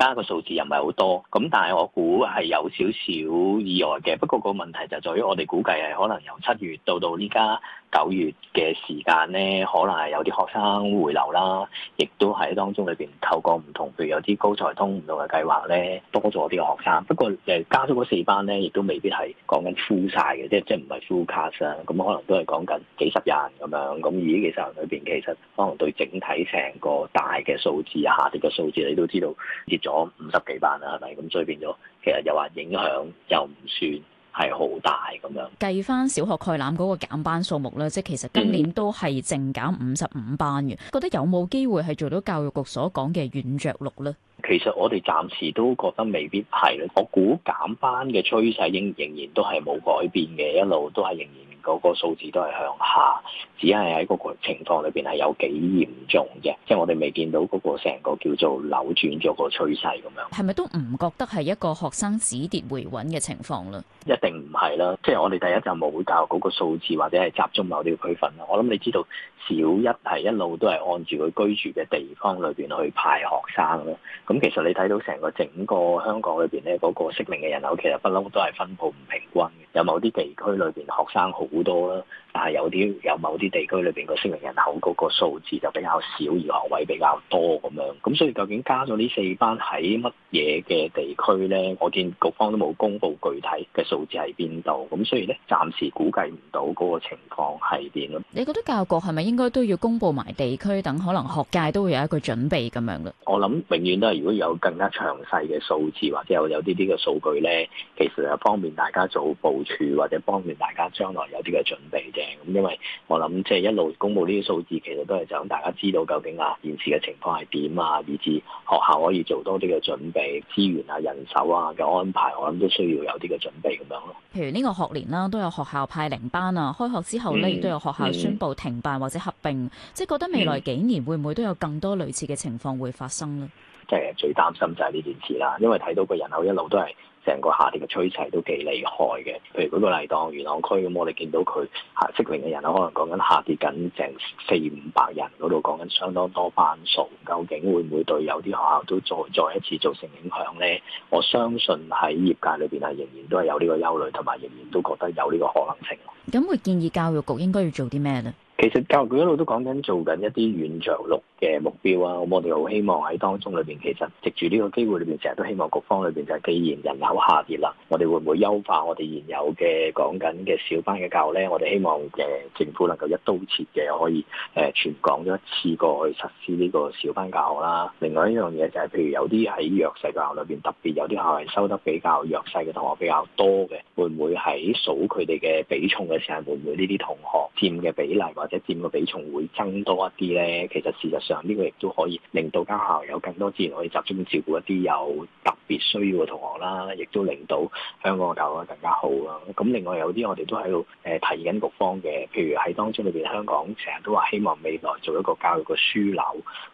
加個數字又唔係好多，咁但係我估係有少少意外嘅。不過個問題就在於，我哋估計係可能由七月到到呢家九月嘅時間咧，可能係有啲學生回流啦，亦都喺當中裏邊透過唔同，譬如有啲高才通唔同嘅計劃咧，多咗啲學生。不過誒，加咗嗰四班咧，亦都未必係講緊 full 曬嘅，即係即係唔係 full class 啊？咁可能都係講緊幾十人咁樣。咁而呢幾十人裏邊，其實可能對整體成個大嘅數字下跌嘅數字，數字你都知道跌咗咗五十幾班啦，係咪？咁所以變咗，其實又話影響又唔算係好大咁樣。計翻小學概覽嗰個減班數目咧，即係其實今年都係淨減五十五班嘅。覺得有冇機會係做到教育局所講嘅軟着陸咧？其實我哋暫時都覺得未必係咯。我估減班嘅趨勢仍仍然都係冇改變嘅，一路都係仍然。嗰個數字都係向下，只係喺嗰個情況裏邊係有幾嚴重嘅，即係我哋未見到嗰個成個叫做扭轉咗個趨勢咁樣。係咪都唔覺得係一個學生止跌回穩嘅情況咧？一定唔係啦，即係我哋第一就冇教嗰個數字或者係集中某啲區分啦。我諗你知道小一係一路都係按住佢居住嘅地方裏邊去派學生啦。咁其實你睇到成個整個香港裏邊咧，嗰個適齡嘅人口其實不嬲都係分布唔平均嘅。有某啲地區裏邊學生好多啦，但係有啲有某啲地區裏邊個適齡人口嗰個數字就比較少，而學位比較多咁樣。咁所以究竟加咗呢四班喺乜嘢嘅地區咧？我見局方都冇公布具體嘅數字喺邊度，咁所以咧暫時估計唔到嗰個情況係點咯。你覺得教育局係咪應該都要公布埋地區，等可能學界都會有一個準備咁樣噶？我諗永遠都係如果有更加詳細嘅數字或者有有啲啲嘅數據咧，其實係方便大家做報。處或者幫助大家將來有啲嘅準備啫。咁因為我諗，即係一路公布呢啲數字，其實都係想大家知道究竟啊現時嘅情況係點啊，以致學校可以做多啲嘅準備資源啊、人手啊嘅安排，我諗都需要有啲嘅準備咁樣咯。譬如呢個學年啦，都有學校派零班啊。開學之後咧，亦都有學校宣布停辦或者合併，即係覺得未來幾年會唔會都有更多類似嘅情況會發生呢？即係最擔心就係呢件事啦，因為睇到個人口一路都係。成個下跌嘅趨勢都幾厲害嘅，譬如舉個例當元朗區咁，我哋見到佢嚇適齡嘅人啊，可能講緊下跌緊成四五百人嗰度，講緊相當多班數，究竟會唔會對有啲學校都再再一次造成影響呢？我相信喺業界裏邊係仍然都係有呢個憂慮，同埋仍然都覺得有呢個可能性。咁會建議教育局應該要做啲咩呢？其實教育局一路都講緊做緊一啲軟着陸嘅目標啊，咁我哋好希望喺當中裏邊，其實藉住呢個機會裏邊，成日都希望局方裏邊就係既然人口下跌啦，我哋會唔會優化我哋現有嘅講緊嘅小班嘅教育咧？我哋希望嘅政府能夠一刀切嘅可以誒、呃、全港都一次過去實施呢個小班教學啦。另外一樣嘢就係、是，譬如有啲喺弱勢學校裏邊，特別有啲學校係收得比較弱勢嘅同學比較多嘅，會唔會喺數佢哋嘅比重嘅時候，會唔會呢啲同學佔嘅比例佔嘅比重會增多一啲咧，其實事實上呢個亦都可以令到家校有更多資源可以集中照顧一啲有別需要嘅同學啦，亦都令到香港嘅教育更加好啦。咁另外有啲我哋都喺度誒提緊局方嘅，譬如喺當中裏邊，香港成日都話希望未來做一個教育嘅樞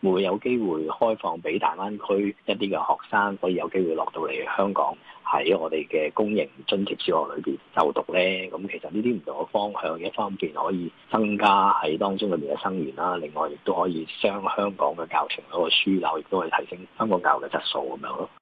紐，會有機會開放俾大灣區一啲嘅學生可以有機會落到嚟香港喺我哋嘅公營津貼小學裏邊就讀咧？咁其實呢啲唔同嘅方向，一方面可以增加喺當中裏面嘅生源啦，另外亦都可以將香港嘅教程嗰個樞紐，亦都可以提升香港教育嘅質素咁樣咯。